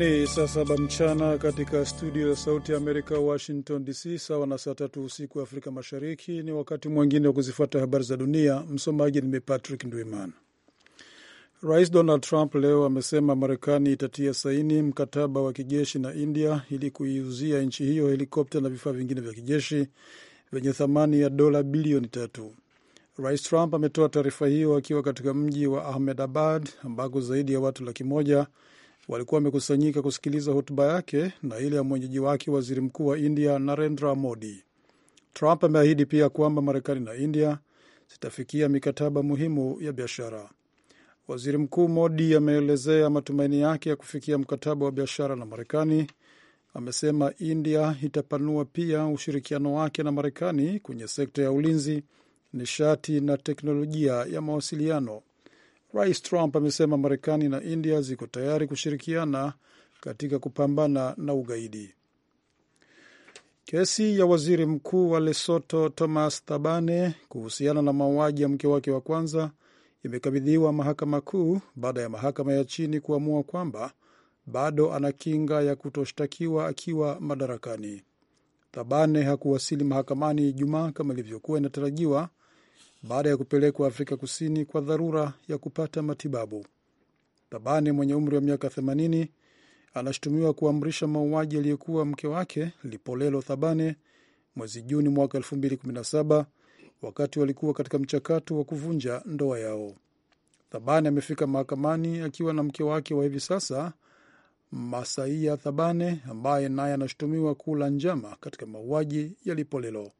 Ni saa saba mchana katika studio ya Sauti ya Amerika, Washington DC, sawa na saa tatu usiku wa Afrika Mashariki. Ni wakati mwingine wa kuzifuata habari za dunia. Msomaji nime Patrick Ndwiman. Rais Donald Trump leo amesema Marekani itatia saini mkataba wa kijeshi na India ili kuiuzia nchi hiyo helikopta na vifaa vingine vya kijeshi vyenye thamani ya dola bilioni tatu. Rais Trump ametoa taarifa hiyo akiwa katika mji wa Ahmedabad ambako zaidi ya watu laki moja walikuwa wamekusanyika kusikiliza hotuba yake na ile ya mwenyeji wake waziri mkuu wa India Narendra Modi. Trump ameahidi pia kwamba Marekani na India zitafikia mikataba muhimu ya biashara. Waziri Mkuu Modi ameelezea matumaini yake ya kufikia mkataba wa biashara na Marekani. Amesema India itapanua pia ushirikiano wake na Marekani kwenye sekta ya ulinzi, nishati na teknolojia ya mawasiliano Rais Trump amesema Marekani na India ziko tayari kushirikiana katika kupambana na ugaidi. Kesi ya waziri mkuu wa Lesoto Thomas Thabane kuhusiana na mauaji ya mke wake wa kwanza imekabidhiwa mahakama kuu baada ya mahakama ya chini kuamua kwamba bado ana kinga ya kutoshtakiwa akiwa madarakani. Thabane hakuwasili mahakamani Ijumaa kama ilivyokuwa inatarajiwa baada ya kupelekwa Afrika Kusini kwa dharura ya kupata matibabu. Thabane mwenye umri wa miaka 80 anashutumiwa kuamrisha mauaji aliyekuwa mke wake Lipolelo Thabane mwezi Juni mwaka 2017 wakati walikuwa katika mchakato wa kuvunja ndoa yao. Thabane amefika mahakamani akiwa na mke wake wa hivi sasa Masaia Thabane ambaye naye anashutumiwa kula njama katika mauaji ya Lipolelo.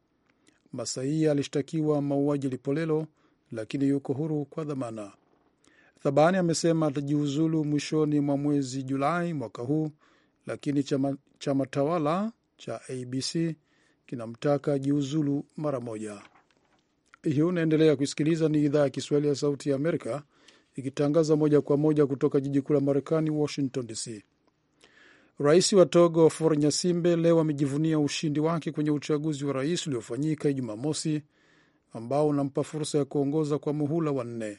Masaia alishtakiwa mauaji Lipolelo, lakini yuko huru kwa dhamana. Thabani amesema atajiuzulu mwishoni mwa mwezi Julai mwaka huu, lakini chama, chama tawala cha ABC kinamtaka jiuzulu mara moja. Hii unaendelea kuisikiliza, ni idhaa ya Kiswahili ya Sauti ya Amerika ikitangaza moja kwa moja kutoka jiji kuu la Marekani, Washington DC. Rais wa Togo Faure Nyasimbe leo amejivunia ushindi wake kwenye uchaguzi wa rais uliofanyika Ijumaa mosi ambao unampa fursa ya kuongoza kwa muhula wa nne.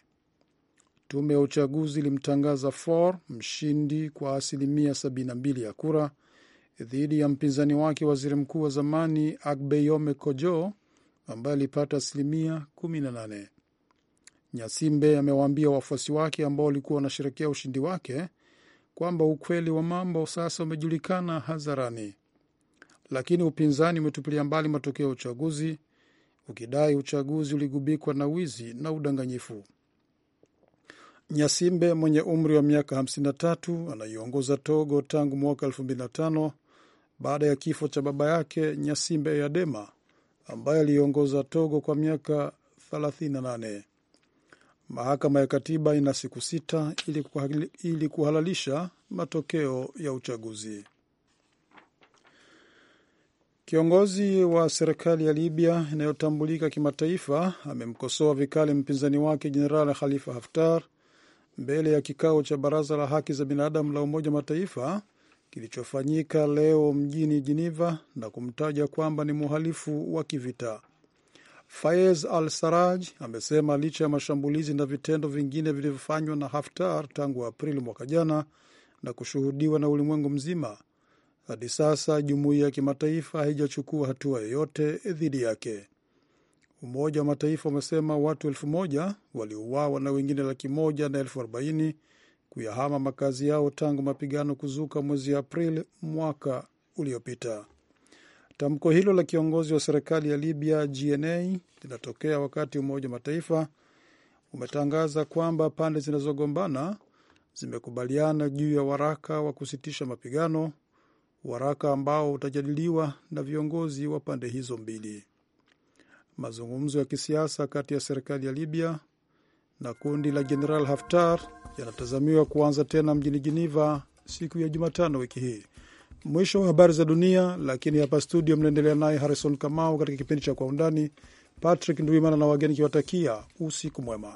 Tume ya uchaguzi ilimtangaza Faure mshindi kwa asilimia 72 ya kura dhidi ya mpinzani wake waziri mkuu wa zamani Agbeyome Kojo ambaye alipata asilimia 18. Nyasimbe amewaambia wafuasi wake ambao walikuwa wanasherekea ushindi wake kwamba ukweli wa mambo sasa umejulikana hadharani, lakini upinzani umetupilia mbali matokeo ya uchaguzi ukidai uchaguzi uligubikwa na wizi na udanganyifu. Nyasimbe mwenye umri wa miaka 53 anaiongoza Togo tangu mwaka 2005 baada ya kifo cha baba yake Nyasimbe Eyadema ambaye aliongoza Togo kwa miaka 38. Mahakama ya Katiba ina siku sita ili kuhalalisha matokeo ya uchaguzi. Kiongozi wa serikali ya Libya inayotambulika kimataifa amemkosoa vikali mpinzani wake Jenerali Khalifa Haftar mbele ya kikao cha Baraza la Haki za Binadamu la Umoja wa Mataifa kilichofanyika leo mjini jiniva na kumtaja kwamba ni mhalifu wa kivita faez Al Saraj amesema licha ya mashambulizi na vitendo vingine vilivyofanywa na Haftar tangu Aprili mwaka jana na kushuhudiwa na ulimwengu mzima, hadi sasa jumuiya ya kimataifa haijachukua hatua yoyote dhidi yake. Umoja wa Mataifa umesema watu elfu moja waliuawa na wengine laki moja na elfu arobaini kuyahama makazi yao tangu mapigano kuzuka mwezi Aprili mwaka uliopita. Tamko hilo la kiongozi wa serikali ya Libya GNA linatokea wakati Umoja wa Mataifa umetangaza kwamba pande zinazogombana zimekubaliana juu ya waraka wa kusitisha mapigano, waraka ambao utajadiliwa na viongozi wa pande hizo mbili. Mazungumzo ya kisiasa kati ya serikali ya Libya na kundi la Jeneral Haftar yanatazamiwa kuanza tena mjini Geneva siku ya Jumatano wiki hii. Mwisho wa habari za dunia, lakini hapa studio mnaendelea naye Harrison Kamau katika kipindi cha Kwa Undani. Patrick Nduimana na wageni kiwatakia usiku mwema.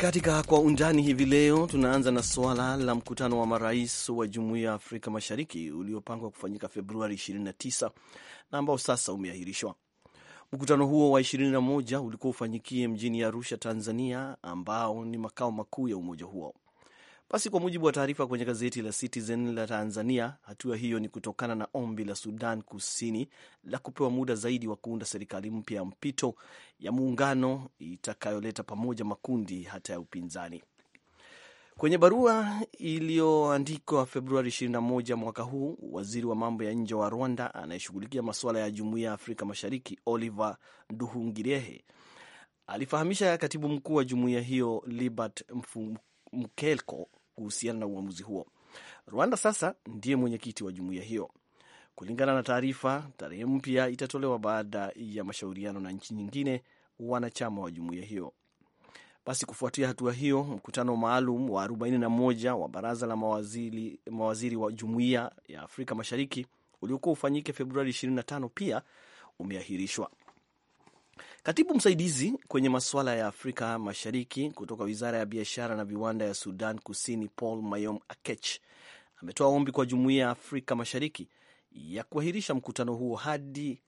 Katika kwa undani hivi leo tunaanza na suala la mkutano wa marais wa jumuiya ya Afrika Mashariki uliopangwa kufanyika Februari 29 na ambao sasa umeahirishwa. Mkutano huo wa 21 ulikuwa ufanyikie mjini Arusha, Tanzania, ambao ni makao makuu ya umoja huo. Basi kwa mujibu wa taarifa kwenye gazeti la Citizen la Tanzania, hatua hiyo ni kutokana na ombi la Sudan Kusini la kupewa muda zaidi wa kuunda serikali mpya ya mpito ya muungano itakayoleta pamoja makundi hata ya upinzani. Kwenye barua iliyoandikwa Februari 21 mwaka huu, waziri wa mambo ya nje wa Rwanda anayeshughulikia masuala ya jumuiya ya Afrika Mashariki Oliver Nduhungirehe alifahamisha katibu mkuu wa jumuiya hiyo Libert Mkelko kuhusiana na uamuzi huo. Rwanda sasa ndiye mwenyekiti wa jumuiya hiyo. Kulingana na taarifa, tarehe mpya itatolewa baada ya mashauriano na nchi nyingine wanachama wa jumuiya hiyo. Basi kufuatia hatua hiyo, mkutano maalum wa 41 wa baraza la mawaziri, mawaziri wa jumuiya ya Afrika Mashariki uliokuwa ufanyike Februari 25 pia umeahirishwa. Katibu msaidizi kwenye masuala ya Afrika Mashariki kutoka wizara ya biashara na viwanda ya Sudan Kusini, Paul Mayom Akech, ametoa ombi kwa jumuiya ya Afrika Mashariki ya kuahirisha mkutano huo hadi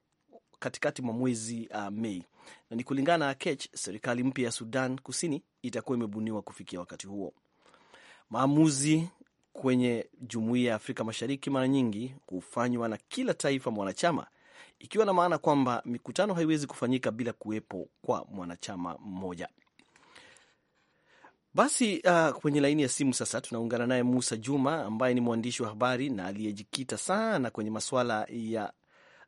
katikati mwa mwezi uh, Mei, na ni kulingana na Akech, serikali mpya ya Sudan Kusini itakuwa imebuniwa kufikia wakati huo. Maamuzi kwenye jumuiya ya Afrika Mashariki mara nyingi hufanywa na kila taifa mwanachama ikiwa na maana kwamba mikutano haiwezi kufanyika bila kuwepo kwa mwanachama mmoja. Basi uh, kwenye laini ya simu sasa tunaungana naye Musa Juma ambaye ni mwandishi wa habari na aliyejikita sana kwenye masuala ya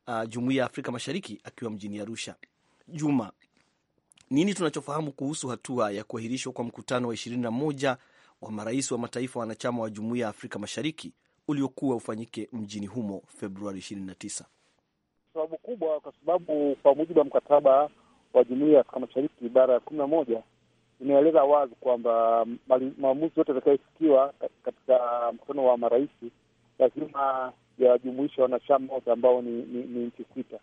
uh, jumuiya ya Afrika Mashariki akiwa mjini Arusha. Juma, nini tunachofahamu kuhusu hatua ya kuahirishwa kwa mkutano wa ishirini na moja wa marais wa mataifa wanachama wa jumuiya ya Afrika Mashariki uliokuwa ufanyike mjini humo Februari ishirini na tisa? sababu kubwa, kwa sababu kwa mujibu wa mkataba wa Jumuiya ya Afrika Mashariki ibara ya kumi na moja inaeleza wazi kwamba mm, maamuzi yote yatakayofikiwa katika mkutano wa marais lazima yajumuisha wanachama wote ambao ni, ni, ni nchi sita.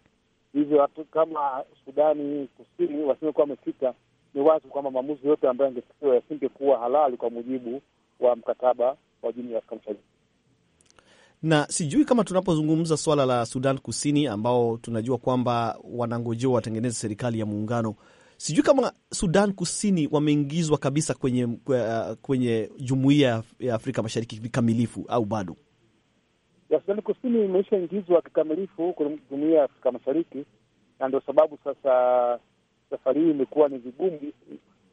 Hivyo kama Sudani Kusini wasingekuwa wamefika, ni wazi kwamba maamuzi yote ambayo yangefikiwa yasingekuwa halali kwa mujibu wa mkataba wa Jumuiya ya Afrika Mashariki na sijui kama tunapozungumza swala la Sudan Kusini, ambao tunajua kwamba wanangojea watengeneze serikali ya muungano, sijui kama Sudan Kusini wameingizwa kabisa kwenye, uh, kwenye jumuiya ya Afrika Mashariki kikamilifu au bado? Ya Sudani Kusini imeshaingizwa kikamilifu kwenye jumuiya ya Afrika Mashariki, na ndio sababu sasa safari hii imekuwa ni vigumu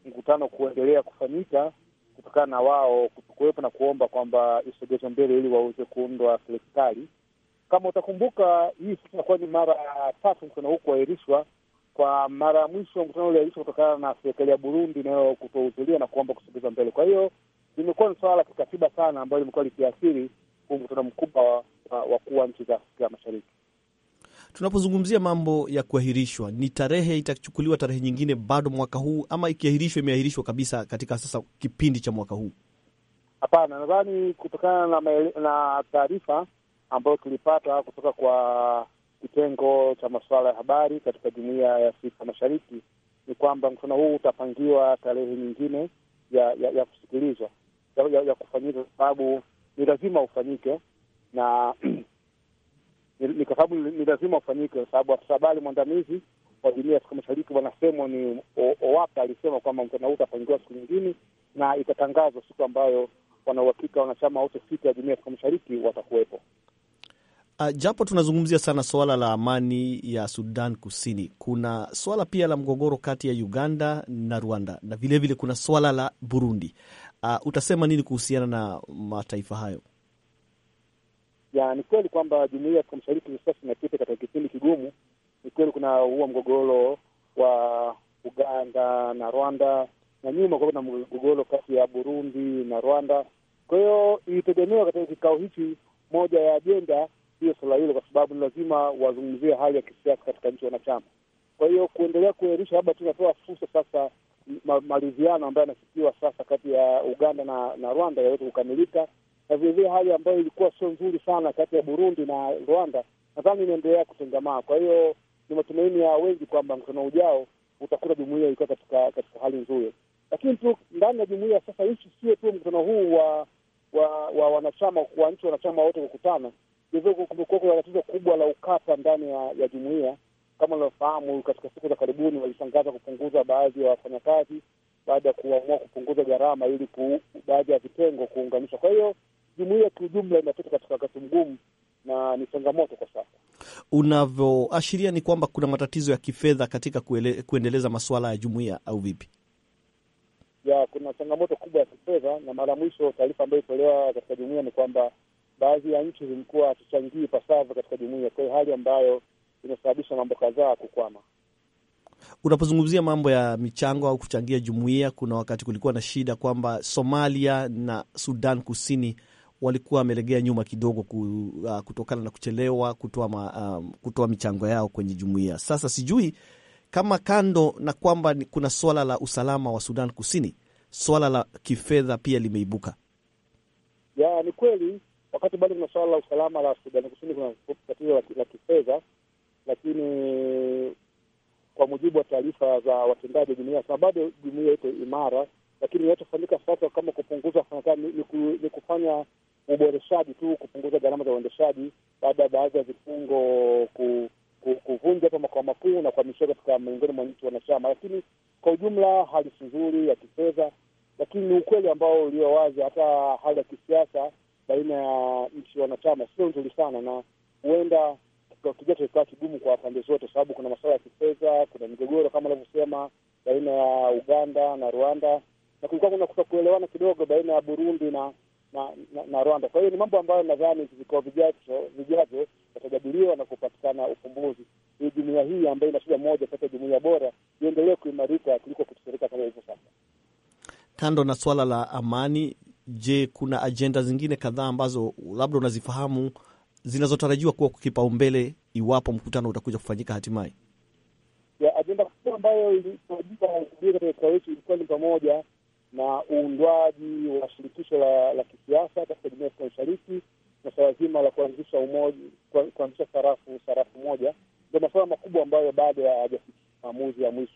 mkutano kuendelea kufanyika kutokana na wao kutokuwepo na kuomba kwamba isogezwe mbele ili waweze kuundwa serikali. Kama utakumbuka, hii sasa inakuwa ni mara ya tatu mkutano huu kuahirishwa. Kwa mara ya mwisho mkutano uliahirishwa kutokana na serikali ya Burundi nayo kutohudhuria na kuomba kusogezwa mbele. Kwa hiyo limekuwa ni suala la kikatiba sana ambayo limekuwa likiathiri huu mkutano mkubwa wa wakuu wa nchi za Afrika Mashariki tunapozungumzia mambo ya kuahirishwa, ni tarehe itachukuliwa tarehe nyingine bado mwaka huu, ama ikiahirishwa imeahirishwa kabisa katika sasa kipindi cha mwaka huu? Hapana, nadhani kutokana na, na taarifa ambayo tulipata kutoka kwa kitengo cha masuala ya habari katika jumuiya ya Afrika Mashariki ni kwamba mkutano huu utapangiwa tarehe nyingine ya ya, ya kusikilizwa ya, ya, ya kufanyika, kwa sababu ni lazima ufanyike na ni kwa sababu ni lazima ufanyike, kwa sababu afisa habari mwandamizi wa jumuia ya Afrika Mashariki Bwana ni Owapa alisema kwamba mkutano huu utafanyikiwa siku nyingine na itatangazwa siku ambayo wanauhakika wanachama wote sita ya jumuia ya Afrika Mashariki watakuwepo. Uh, japo tunazungumzia sana suala la amani ya Sudan Kusini, kuna swala pia la mgogoro kati ya Uganda na Rwanda na vilevile vile kuna swala la Burundi. Uh, utasema nini kuhusiana na mataifa hayo? ya ni kweli kwamba ya Afrika Mashariki hivi sasa inapita katika kipindi kigumu. Ni kweli kuna huo mgogoro wa Uganda na Rwanda, na nyuma kuna mgogoro kati ya Burundi na Rwanda. Kwa hiyo ilitegemewa katika kikao hichi, moja ya ajenda hiyo suala hilo, kwa sababu ni lazima wazungumzie hali ya kisiasa katika nchi wanachama. Kwa hiyo kuendelea kuairisha, labda inatoa fursa sasa maridhiano ambayo yanafikiwa sasa kati ya Uganda na, na Rwanda yaweze kukamilika na vilevile hali ambayo ilikuwa sio nzuri sana kati ya Burundi na Rwanda nadhani imeendelea kutengamaa. Kwa hiyo ni matumaini ya wengi kwamba mkutano ujao utakuta jumuia ilikuwa katika katika hali nzuri, lakini tu ndani ya jumuia sasa, hichi sio tu mkutano huu wa wa wa wanachama wa nchi wanachama wote kukutana. Kumekuwa kuna tatizo kubwa la ukata ndani ya, ya jumuia kama unavyofahamu, katika siku za karibuni walitangaza kupunguza baadhi ya wafanyakazi baada ya kuamua kupunguza gharama ili baadhi ya vitengo kuunganishwa Kwa hiyo jumuia kiujumla inapita katika wakati mgumu na ni changamoto kwa sasa. Unavyoashiria ni kwamba kuna matatizo ya kifedha katika kuele, kuendeleza masuala ya jumuia au vipi? Ya, kuna changamoto kubwa ya kifedha, na mara mwisho taarifa ambayo ilitolewa katika jumuia ni kwamba baadhi ya nchi zilikuwa hatuchangii ipasavyo katika jumuia, kwa hiyo hali ambayo inasababisha mambo kadhaa kukwama. Unapozungumzia mambo ya michango au kuchangia jumuia, kuna wakati kulikuwa na shida kwamba Somalia na Sudan Kusini walikuwa wamelegea nyuma kidogo uh, kutokana na kuchelewa kutoa um, michango yao kwenye jumuiya. Sasa sijui kama kando na kwamba kuna swala la usalama wa Sudan Kusini, swala la kifedha pia limeibuka. Ya, ni kweli wakati bado kuna swala la usalama la Sudan Kusini, kuna tatizo la kifedha, lakini kwa mujibu wa taarifa za watendaji wa jumuiya sema bado jumuiya iko imara, lakini inachofanyika sasa kama kupunguza ni, ni, ni kufanya uboreshaji tu, kupunguza gharama za uendeshaji baada ya baadhi ya vifungo ku, ku, kuvunja hapa makao makuu na kuhamishia katika miongoni mwa nchi wanachama, lakini kwa ujumla hali si nzuri ya kifedha, lakini ni ukweli ambao ulio wazi. Hata hali ya kisiasa baina ya nchi wanachama sio nzuri sana, na huenda kikawa kigumu kwa pande zote, sababu kuna masuala ya kifedha, kuna migogoro kama anavyosema baina ya Uganda na Rwanda, na kulikuwa kuna kutokuelewana kidogo baina ya Burundi na na, na, na Rwanda. Kwa hiyo ni mambo ambayo nadhani vikao vijavyo yatajadiliwa na kupatikana ufumbuzi, ili jumuia hii ambayo ina shida moja kati ya jumuia bora iendelee kuimarika kuliko kutuserika kama hivyo sasa. Kando na swala la amani, je, kuna ajenda zingine kadhaa ambazo labda unazifahamu zinazotarajiwa kuwa kipaumbele iwapo mkutano utakuja kufanyika hatimaye? Ajenda kubwa ambayo ilitarajiwa katika kikao hichi ilikuwa ni pamoja na uundwaji wa shirikisho la, la kisiasa katika jumuiya ya Afrika Mashariki na swala zima la kuanzisha umoja, kuanzisha sarafu sarafu moja, ndio masuala makubwa ambayo bado hayajafikia maamuzi ya mwisho.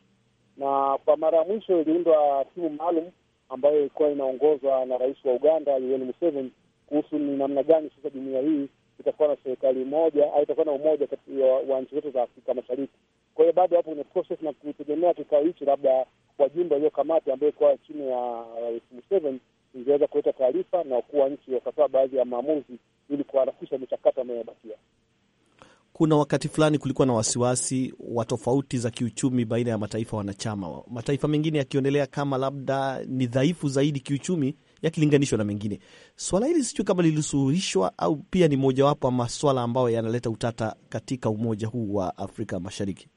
Na kwa mara ya mwisho iliundwa timu maalum ambayo ilikuwa inaongozwa na rais wa Uganda Yoweri Museveni kuhusu ni namna gani sasa jumuiya hii itakuwa na serikali moja au itakuwa na umoja kati wa nchi zote za Afrika Mashariki. Kwa hiyo bado hapo kuna process na kutegemea kikao hichi labda wajumbe kamati ambayo ilikuwa chini ya Rais Museveni ingeweza kuleta taarifa na wakuu wa nchi wakatoa baadhi ya maamuzi ili kuharakisha michakato ambayo Kuna wakati fulani kulikuwa na wasiwasi wa tofauti za kiuchumi baina ya mataifa wanachama, mataifa mengine yakionelea kama labda ni dhaifu zaidi kiuchumi yakilinganishwa na mengine. Swala hili sijui kama lilisuluhishwa au pia ni mojawapo ya maswala ambayo yanaleta utata katika umoja huu wa Afrika Mashariki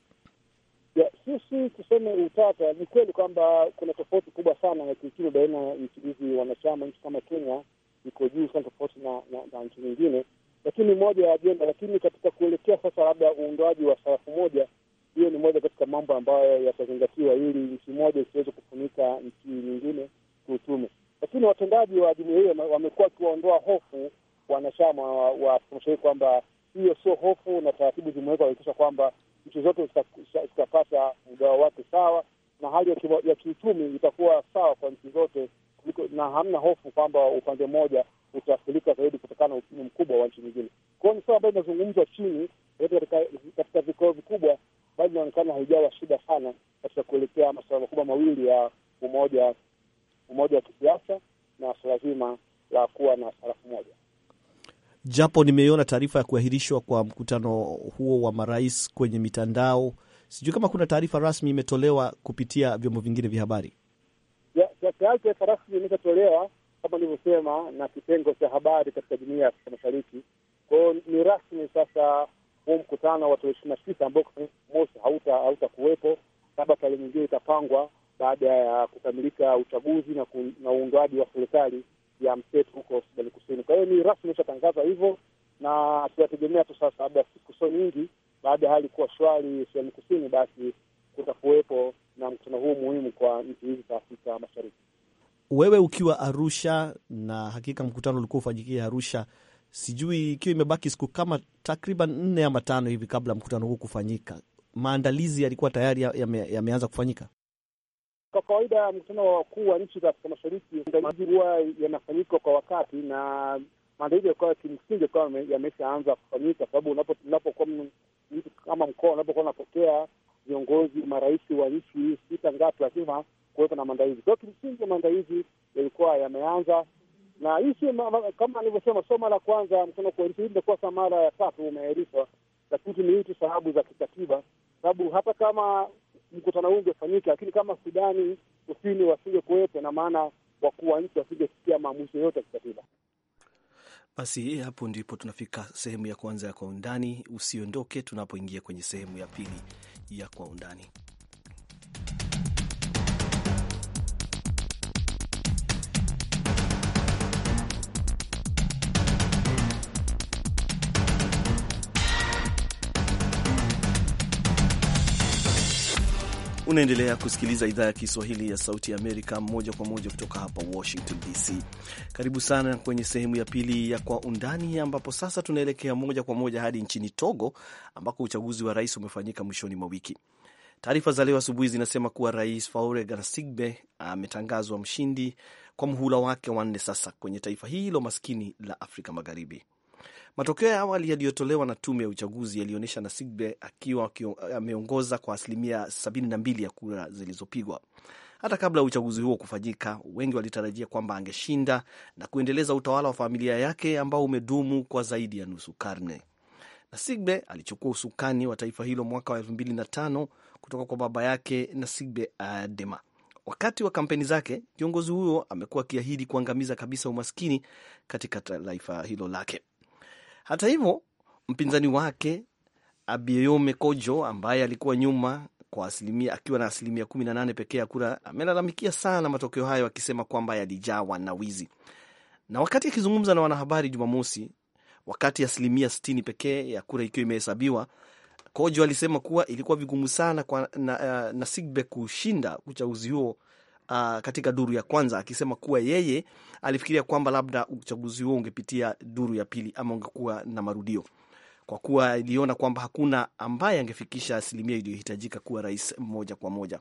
si tuseme utata. Ni kweli kwamba kuna tofauti kubwa sana ya kiuchumi baina ya nchi hizi wanachama. Nchi kama Kenya iko juu sana, tofauti na, na, na nchi nyingine, lakini moja ya ajenda. Lakini katika kuelekea sasa labda uundoaji wa sarafu moja, hiyo ni moja katika mambo ambayo yatazingatiwa ili nchi moja isiweze kufunika nchi nyingine kiuchumi. Lakini watendaji wa jumuia hiyo wamekuwa wakiwaondoa hofu wanachama wa Afrika Mashariki kwamba hiyo sio hofu, na taratibu zimewekwa kuhakikisha kwamba nchi zote zitapata mgao wake sawa, na hali ya, kiuchumi itakuwa sawa kwa nchi zote na hamna hofu kwamba upande mmoja utaathirika zaidi kutokana na uchumi mkubwa wa nchi nyingine. Kwa hiyo ni swala ambayo inazungumzwa chini, katika vikao vikubwa bado inaonekana haijawa shida sana katika kuelekea masuala makubwa mawili ya umoja umoja wa kisiasa na swala zima la kuwa na sarafu moja japo nimeiona taarifa ya kuahirishwa kwa mkutano huo wa marais kwenye mitandao. Sijui kama kuna taarifa rasmi imetolewa kupitia vyombo vingine vya habari. Taarifa rasmi imeshatolewa kama nilivyosema na kitengo cha habari katika jumuia ya Afrika Mashariki. Kwa ni rasmi sasa, huu mkutano wa tarehe ishirini na tisa ambao mosi hautakuwepo, labda tarehe nyingine itapangwa baada ya kukamilika uchaguzi na uundwaji wa serikali ya Mseto huko Sudani Kusini. Kwa hiyo ni rasmi ishatangaza hivyo, na tunategemea tu sasa, baada ya siku so nyingi, baada ya hali kuwa shwari Sudani Kusini, basi kutakuwepo na mkutano huu muhimu kwa nchi hizi za Afrika Mashariki. Wewe ukiwa Arusha, na hakika mkutano ulikuwa ufanyikia Arusha, sijui ikiwa imebaki siku kama takriban nne ama tano hivi kabla mkutano huu kufanyika, maandalizi yalikuwa tayari yameanza ya ya kufanyika kwa kawaida mkutano wa wakuu wa nchi za Afrika Mashariki andalizi huwa yanafanyika kwa wakati, na maandalizi ya kimsingi yakawa yameshaanza kufanyika, sababu unapokuwa mtu kama mkoa unapokuwa unapokea viongozi marais wa nchi sita ngapi, lazima kuwepo na maandalizi. Kwa hiyo kimsingi maandalizi yalikuwa yameanza, na hii si kama alivyosema, sio mara ya kwanza mkutano kuahirishwa. Hii imekuwa kama mara ya tatu umeahirishwa, lakini ni hii tu sababu za kikatiba, sababu hata kama mkutano huu ungefanyika, lakini kama Sudani Kusini wasingekuwepo, na maana wakuu wa nchi wasingefikia maamuzi yoyote ya kikatiba. Basi hapo ndipo tunafika sehemu ya kwanza ya Kwa Undani. Usiondoke tunapoingia kwenye sehemu ya pili ya Kwa Undani. Unaendelea kusikiliza idhaa ya Kiswahili ya Sauti ya Amerika moja kwa moja kutoka hapa Washington DC. Karibu sana kwenye sehemu ya pili ya Kwa Undani, ambapo sasa tunaelekea moja kwa moja hadi nchini Togo ambako uchaguzi wa rais umefanyika mwishoni mwa wiki. Taarifa za leo asubuhi zinasema kuwa Rais Faure Gnassingbe ametangazwa mshindi kwa mhula wake wanne sasa kwenye taifa hilo maskini la Afrika Magharibi. Matokeo ya awali yaliyotolewa na tume ya uchaguzi yalionyesha Nasigbe akiwa ameongoza kwa asilimia 72 ya kura zilizopigwa. Hata kabla ya uchaguzi huo kufanyika, wengi walitarajia kwamba angeshinda na kuendeleza utawala wa familia yake ambao umedumu kwa zaidi ya nusu karne. Nasigbe alichukua usukani wa taifa hilo mwaka wa 2005 kutoka kwa baba yake Nasigbe Adema. Wakati wa kampeni zake, kiongozi huyo amekuwa akiahidi kuangamiza kabisa umaskini katika taifa hilo lake. Hata hivyo, mpinzani wake Abiyome Kojo ambaye alikuwa nyuma kwa asilimia akiwa na asilimia nane pekee ya kura amelalamikia sana matokeo hayo akisema kwamba yalijawa na wizi. Na wakati akizungumza na wanahabari Jumamosi, wakati asilimia s pekee ya kura ikiwa imehesabiwa, Kojo alisema kuwa ilikuwa vigumu sana kwa na, eh, na kushinda uchaguzi huo uh, katika duru ya kwanza akisema kuwa yeye alifikiria kwamba labda uchaguzi huo ungepitia duru ya pili ama ungekuwa na marudio kwa kuwa iliona kwamba hakuna ambaye angefikisha asilimia iliyohitajika kuwa rais moja kwa moja.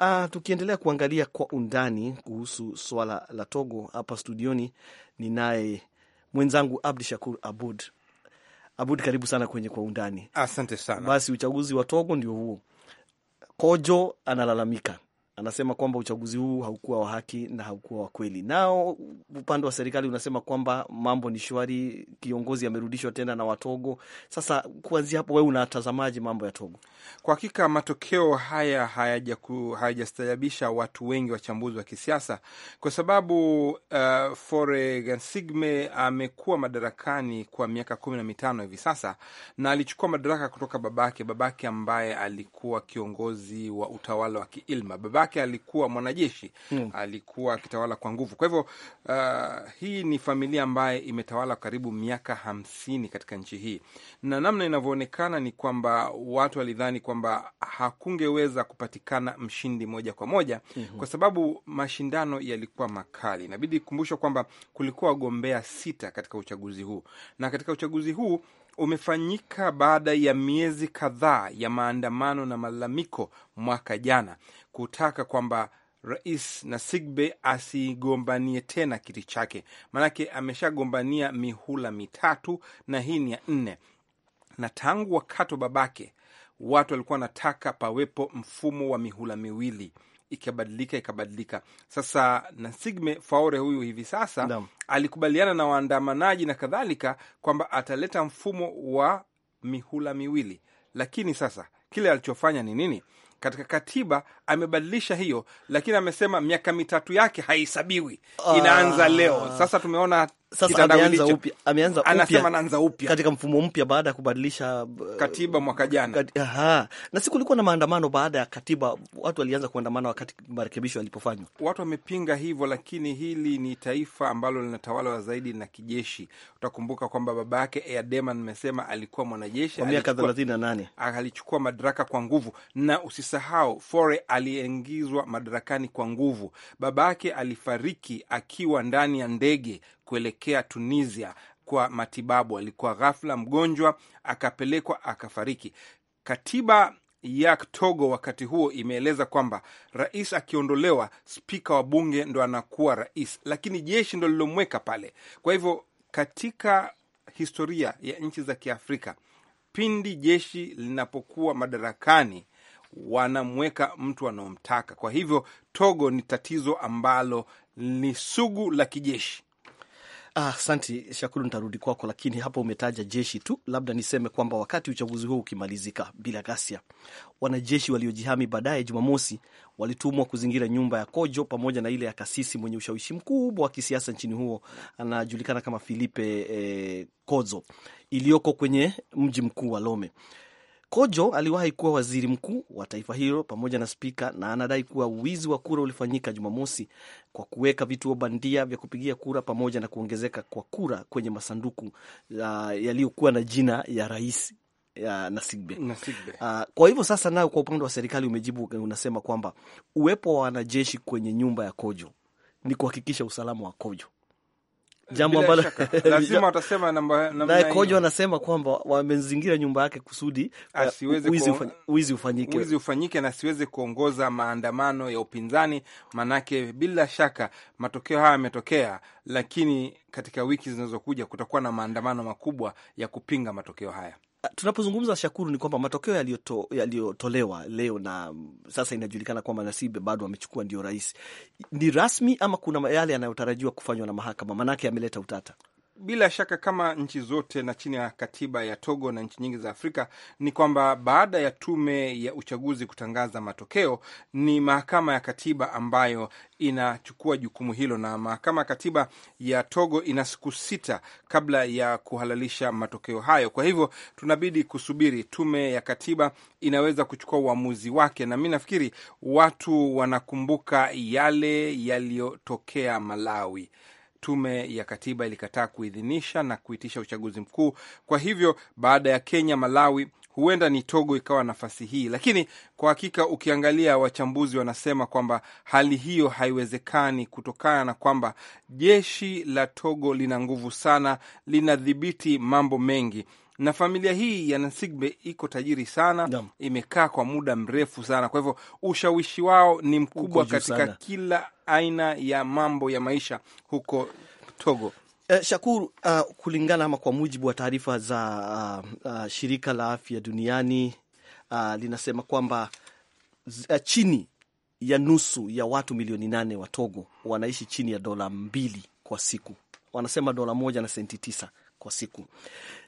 Uh, tukiendelea kuangalia kwa undani kuhusu swala la Togo, hapa studioni ninaye mwenzangu Abdi Shakur Abud. Abud, karibu sana kwenye kwa undani. Asante sana. Basi uchaguzi wa Togo ndio huo. Kojo analalamika anasema kwamba uchaguzi huu haukuwa wa haki na haukuwa wa kweli. Nao upande wa serikali unasema kwamba mambo ni shwari, kiongozi amerudishwa tena na Watogo. Sasa kuanzia hapo, wewe unatazamaje mambo ya Togo? Kwa hakika matokeo haya hayajastaajabisha watu wengi, wachambuzi wa kisiasa, kwa sababu uh, Fore Gansigme amekuwa madarakani kwa miaka kumi na mitano hivi sasa, na alichukua madaraka kutoka babake, babake ambaye alikuwa kiongozi wa utawala wa kiilma babake babake alikuwa mwanajeshi mm. alikuwa akitawala kwa nguvu. Kwa hivyo uh, hii ni familia ambaye imetawala karibu miaka hamsini katika nchi hii, na namna inavyoonekana ni kwamba watu walidhani kwamba hakungeweza kupatikana mshindi moja kwa moja mm -hmm. kwa sababu mashindano yalikuwa makali. Inabidi kukumbushwa kwamba kulikuwa wagombea sita katika uchaguzi huu, na katika uchaguzi huu umefanyika baada ya miezi kadhaa ya maandamano na malalamiko mwaka jana, kutaka kwamba Rais Nasigbe asigombanie tena kiti chake, maanake ameshagombania mihula mitatu na hii ni ya nne, na tangu wakati wa babake watu walikuwa wanataka pawepo mfumo wa mihula miwili Ikabadilika, ikabadilika. Sasa Nasigme Faore huyu hivi sasa Dam. alikubaliana na waandamanaji na kadhalika kwamba ataleta mfumo wa mihula miwili, lakini sasa kile alichofanya ni nini? katika katiba amebadilisha hiyo, lakini amesema miaka mitatu yake haihesabiwi, ah. inaanza leo. Sasa tumeona sasa ameanza upya, ameanza anasema anaanza upya katika mfumo mpya baada ya kubadilisha uh, katiba mwaka jana kat, aha. Na si kulikuwa na maandamano baada ya katiba, watu walianza kuandamana wakati marekebisho yalipofanywa, watu wamepinga hivyo. Lakini hili ni taifa ambalo linatawala zaidi na kijeshi. Utakumbuka kwamba baba yake Eademan amesema alikuwa mwanajeshi kwa miaka 38 alichukua madaraka kwa nguvu na usis Usisahau Fore aliyeingizwa madarakani kwa nguvu. Babake alifariki akiwa ndani ya ndege kuelekea Tunisia kwa matibabu. Alikuwa ghafla mgonjwa, akapelekwa akafariki. Katiba ya Togo wakati huo imeeleza kwamba rais akiondolewa, spika wa bunge ndo anakuwa rais, lakini jeshi ndo lilomweka pale. Kwa hivyo katika historia ya nchi za Kiafrika, pindi jeshi linapokuwa madarakani wanamweka mtu wanaomtaka. Kwa hivyo Togo ni tatizo ambalo ni sugu la kijeshi. Asanti ah, Shakuru, nitarudi kwako, lakini hapa umetaja jeshi tu. Labda niseme kwamba wakati uchaguzi huo ukimalizika bila ghasia, wanajeshi waliojihami baadaye Jumamosi walitumwa kuzingira nyumba ya Kojo pamoja na ile ya kasisi mwenye ushawishi mkubwa wa kisiasa nchini huo, anajulikana kama Filipe eh, Kozo, iliyoko kwenye mji mkuu wa Lome. Kojo aliwahi kuwa waziri mkuu wa taifa hilo pamoja na spika, na anadai kuwa wizi wa kura ulifanyika Jumamosi kwa kuweka vituo bandia vya kupigia kura pamoja na kuongezeka kwa kura kwenye masanduku uh, yaliyokuwa na jina ya rais ya Nasigbe. Nasigbe. Uh, kwa hivyo sasa nayo kwa upande wa serikali umejibu unasema kwamba uwepo wa wanajeshi kwenye nyumba ya Kojo ni kuhakikisha usalama wa Kojo jambo ambalo lazima watasema namba namna Kojo anasema kwamba wamezingira nyumba yake kusudi eh, wizi ufanyike, wizi ufanyike na siweze kuongoza maandamano ya upinzani, manake bila shaka matokeo haya yametokea, lakini katika wiki zinazokuja kutakuwa na maandamano makubwa ya kupinga matokeo haya tunapozungumza Shakuru, ni kwamba matokeo yaliyotolewa ya leo na sasa inajulikana kwamba Nasibe bado amechukua ndio rais, ni rasmi ama kuna yale yanayotarajiwa kufanywa na mahakama? Maanake ameleta utata bila shaka kama nchi zote na chini ya katiba ya Togo na nchi nyingi za Afrika ni kwamba baada ya tume ya uchaguzi kutangaza matokeo, ni mahakama ya katiba ambayo inachukua jukumu hilo, na mahakama ya katiba ya Togo ina siku sita kabla ya kuhalalisha matokeo hayo. Kwa hivyo tunabidi kusubiri, tume ya katiba inaweza kuchukua uamuzi wake, na mi nafikiri watu wanakumbuka yale yaliyotokea Malawi tume ya katiba ilikataa kuidhinisha na kuitisha uchaguzi mkuu. Kwa hivyo baada ya Kenya, Malawi, huenda ni Togo ikawa nafasi hii, lakini kwa hakika ukiangalia, wachambuzi wanasema kwamba hali hiyo haiwezekani kutokana na kwamba jeshi la Togo lina nguvu sana, linadhibiti mambo mengi na familia hii ya Nasigbe iko tajiri sana Dam. Imekaa kwa muda mrefu sana, kwa hivyo ushawishi wao ni mkubwa katika sana. Kila aina ya mambo ya maisha huko Togo. Eh, Shakur, uh, ah, kulingana ama kwa mujibu wa taarifa za uh, uh, shirika la afya duniani uh, linasema kwamba uh, chini ya nusu ya watu milioni nane wa Togo wanaishi chini ya dola mbili kwa siku, wanasema dola moja na senti tisa kwa siku.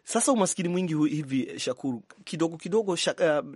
Sasa umaskini mwingi hivi, Shakuru, kidogo kidogo uh,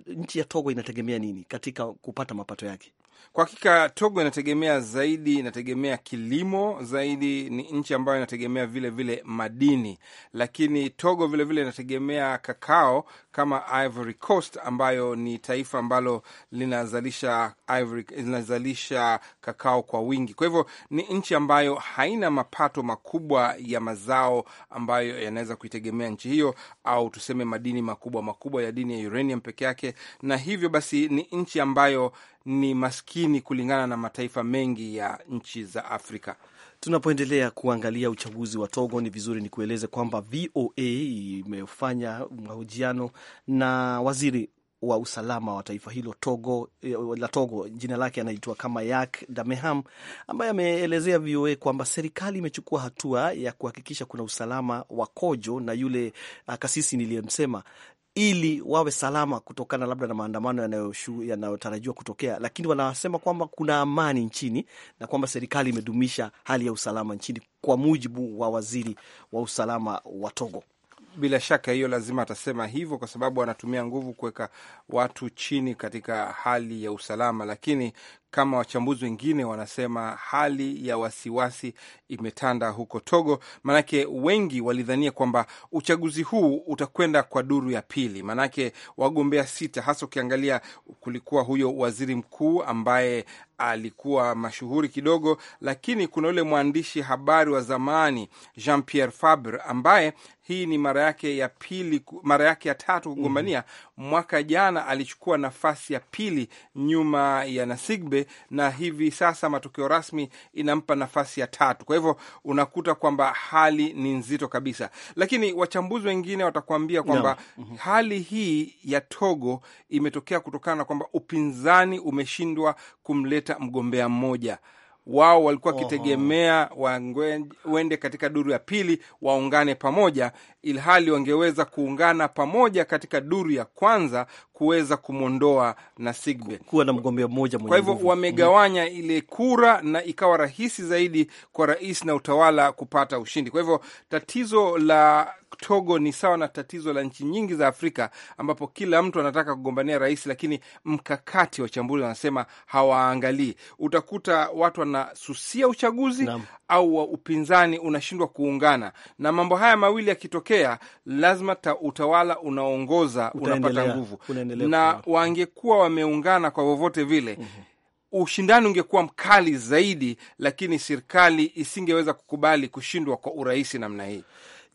nchi ya Togo inategemea nini katika kupata mapato yake? Kwa hakika Togo inategemea zaidi, inategemea kilimo zaidi, ni nchi ambayo inategemea vile vile madini, lakini Togo vile vile inategemea kakao kama Ivory Coast ambayo ni taifa ambalo linazalisha ivory, linazalisha kakao kwa wingi. Kwa hivyo ni nchi ambayo haina mapato makubwa ya mazao ambayo yanaweza kuitegemea nchi hiyo, au tuseme madini makubwa makubwa ya dini ya uranium peke yake, na hivyo basi ni nchi ambayo ni maskini kulingana na mataifa mengi ya nchi za Afrika. Tunapoendelea kuangalia uchaguzi wa Togo, ni vizuri ni kueleze kwamba VOA imefanya mahojiano na waziri wa usalama wa taifa hilo Togo, eh, la Togo, jina lake anaitwa kama Yak Dameham, ambaye ameelezea VOA kwamba serikali imechukua hatua ya kuhakikisha kuna usalama wa Kojo na yule ah, kasisi niliyemsema ili wawe salama kutokana labda na maandamano yanayotarajiwa kutokea, lakini wanasema kwamba kuna amani nchini na kwamba serikali imedumisha hali ya usalama nchini, kwa mujibu wa waziri wa usalama wa Togo. Bila shaka hiyo lazima atasema hivyo, kwa sababu anatumia nguvu kuweka watu chini katika hali ya usalama, lakini kama wachambuzi wengine wanasema hali ya wasiwasi imetanda huko Togo, maanake wengi walidhania kwamba uchaguzi huu utakwenda kwa duru ya pili, maanake wagombea sita, hasa ukiangalia kulikuwa huyo waziri mkuu ambaye alikuwa mashuhuri kidogo, lakini kuna yule mwandishi habari wa zamani Jean Pierre Fabre ambaye hii ni mara yake ya pili, mara yake ya tatu kugombania. mm -hmm. Mwaka jana alichukua nafasi ya pili nyuma ya Nasigbe, na hivi sasa matokeo rasmi inampa nafasi ya tatu. Kwa hivyo unakuta kwamba hali ni nzito kabisa, lakini wachambuzi wengine watakuambia kwamba no. mm -hmm. hali hii ya Togo imetokea kutokana na kwamba upinzani umeshindwa kumleta mgombea mmoja wao walikuwa wakitegemea waende katika duru ya pili waungane pamoja, ilhali wangeweza kuungana pamoja katika duru ya kwanza kuweza kumwondoa Sigbe kuwa na mgombea mmoja. Kwa hivyo wamegawanya ile kura na ikawa rahisi zaidi kwa rais na utawala kupata ushindi. Kwa hivyo tatizo la Togo ni sawa na tatizo la nchi nyingi za Afrika ambapo kila mtu anataka kugombania rais, lakini mkakati wa wachambuzi wanasema hawaangalii. Utakuta watu wanasusia uchaguzi Nam. au upinzani unashindwa kuungana, na mambo haya mawili yakitokea, lazima utawala unaongoza unapata nguvu, na wangekuwa wameungana kwa vyovyote vile mm -hmm ushindani ungekuwa mkali zaidi, lakini serikali isingeweza kukubali kushindwa kwa urahisi namna hii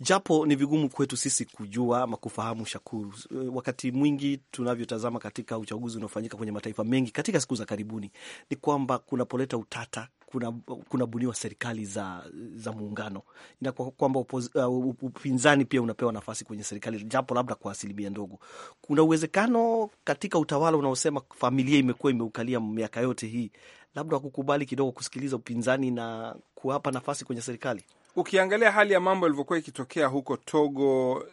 japo ni vigumu kwetu sisi kujua ama kufahamu. Shakuru, eh, wakati mwingi tunavyotazama katika uchaguzi unaofanyika kwenye mataifa mengi katika siku za karibuni ni kwamba kunapoleta utata kuna, kuna buniwa serikali za, za muungano na kwamba uh, upinzani pia unapewa nafasi kwenye serikali japo labda kwa asilimia ndogo. Kuna uwezekano katika utawala unaosema familia imekuwa imeukalia miaka yote hii, labda wakukubali kidogo kusikiliza upinzani na kuwapa nafasi kwenye serikali ukiangalia hali ya mambo yalivyokuwa ikitokea huko Togo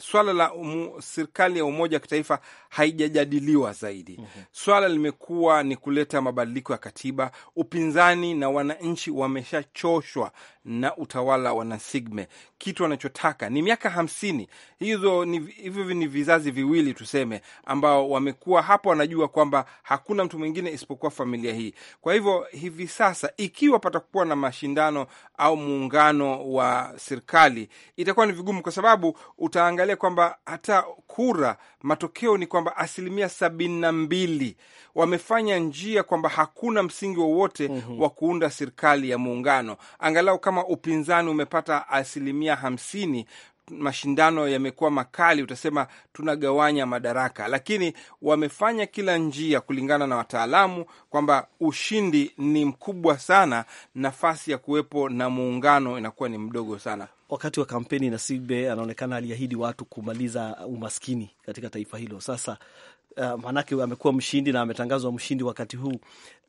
swala la umu, serikali ya umoja wa kitaifa haijajadiliwa zaidi. mm -hmm. Swala limekuwa ni kuleta mabadiliko ya katiba. Upinzani na wananchi wameshachoshwa na utawala wa Nasigme. Kitu wanachotaka ni miaka hamsini. Hizo ni hivyo ni vizazi viwili tuseme, ambao wamekuwa hapo, wanajua kwamba hakuna mtu mwingine isipokuwa familia hii. Kwa hivyo hivi sasa, ikiwa patakuwa na mashindano au muungano wa serikali, itakuwa ni vigumu kwa sababu utaangalia ukiangalia kwamba hata kura matokeo ni kwamba asilimia sabini na mbili wamefanya njia kwamba hakuna msingi wowote wa, mm -hmm. wa kuunda serikali ya muungano, angalau kama upinzani umepata asilimia hamsini mashindano yamekuwa makali, utasema tunagawanya madaraka, lakini wamefanya kila njia, kulingana na wataalamu, kwamba ushindi ni mkubwa sana, nafasi ya kuwepo na muungano inakuwa ni mdogo sana. Wakati wa kampeni, Nasibe anaonekana aliahidi watu kumaliza umaskini katika taifa hilo. Sasa uh, maanake amekuwa mshindi na ametangazwa mshindi wakati huu,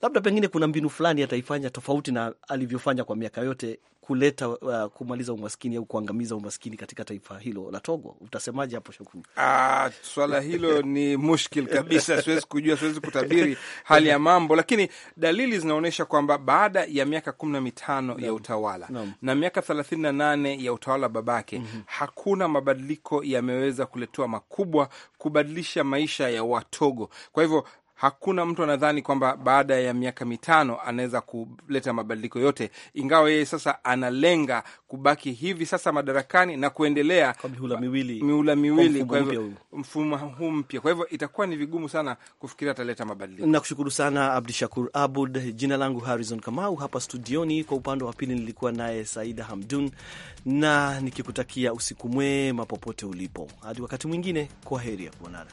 labda pengine kuna mbinu fulani ataifanya tofauti na alivyofanya kwa miaka yote kuleta uh, kumaliza umaskini au kuangamiza umaskini katika taifa hilo la Togo. Utasemaje hapo Shukuru? Ah, swala hilo ni mushkil kabisa, siwezi kujua, siwezi kutabiri hali ya mambo, lakini dalili zinaonyesha kwamba baada ya miaka kumi na mitano ya utawala Nam. na miaka thelathini na nane ya utawala babake mm -hmm. hakuna mabadiliko yameweza kuletewa makubwa kubadilisha maisha ya Watogo. Kwa hivyo hakuna mtu anadhani kwamba baada ya miaka mitano anaweza kuleta mabadiliko yote, ingawa yeye sasa analenga kubaki hivi sasa madarakani na kuendelea mihula miwili, mihula miwili. Kwa mfumo huu mpya, kwa hivyo itakuwa ni vigumu sana kufikiria ataleta mabadiliko. Nakushukuru sana Abdu Shakur Abud. Jina langu Harrison Kamau, hapa studioni kwa upande wa pili nilikuwa naye Saida Hamdun, na nikikutakia usiku mwema popote ulipo, hadi wakati mwingine, kwa heri ya kuonana.